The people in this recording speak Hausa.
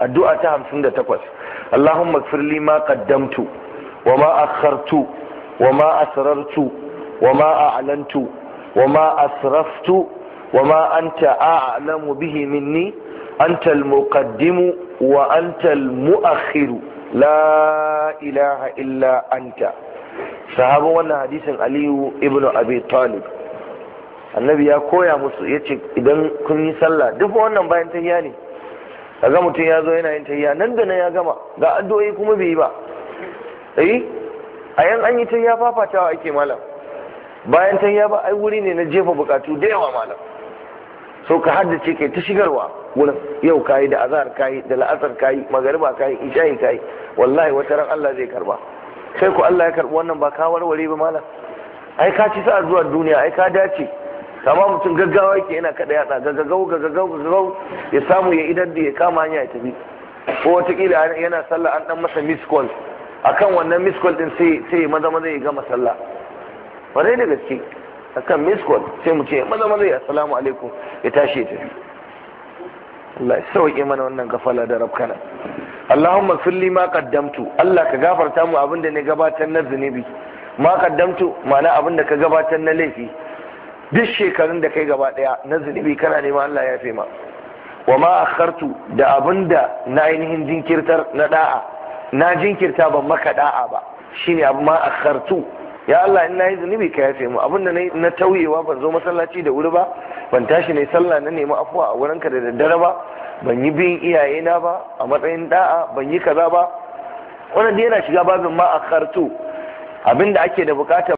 addu'a ta hamsin da takwas Allahumma firli ma kaddamtu, wa ma akhartu wa ma asrartu wa ma a'lantu wa ma asraftu wa ma anta a'lamu bihi minni anta al wa anta al la ilaha illa anta sahabin wannan hadisin aliyu ibn abi talib annabi ya koya musu yace idan kun yi sallah duk wannan bayan tahiya ne kaga mutum ya zo yana yin tayya nan da nan ya gama ga addu'o'i kuma bai yi ba eh a yan an yi tayya fafatawa ake malam bayan tayya ba ai wuri ne na jefa bukatu da yawa malam so ka haddace kai ta shigarwa wurin yau kayi da azhar kayi da la'asar kayi magariba kayi isha'i kayi wallahi wata ran Allah zai karba sai ku Allah ya karbi wannan ba ka warware ba malam ai ka ci sa zuwa duniya ai ka dace kama mutum gaggawa yake yana kada yatsa gaggagau gaggagau gaggagau ya samu ya idan da ya kama hanya ya tafi ko wataƙila yana sallah an dan masa miss call akan wannan miss call din sai sai maza maza ya gama sallah kwarai da gaske akan miss call sai mu ce maza maza ya assalamu alaikum ya tashi ya tafi Allah ya sauke mana wannan gafala da rabkana Allahumma firli ma qaddamtu Allah ka gafarta mu abin da ne gabatar na zunubi ma qaddamtu ma'ana abinda da ka gabatar na laifi duk shekarun da kai gaba daya na zunubi kana neman Allah ya fi ma wa ma akhartu da abinda na ainihin jinkirtar na da'a na jinkirta ban maka da'a ba shine abu ma akhartu ya Allah in nayi zunubi ka yafe mu abinda na tauyewa ban zo masallaci da wuri ba ban tashi ne sallah na nemi afuwa a wurinka da daddare ba ban yi bin na ba a matsayin da'a ban yi kaza ba wannan da yana shiga babin ma akhartu abinda ake da bukata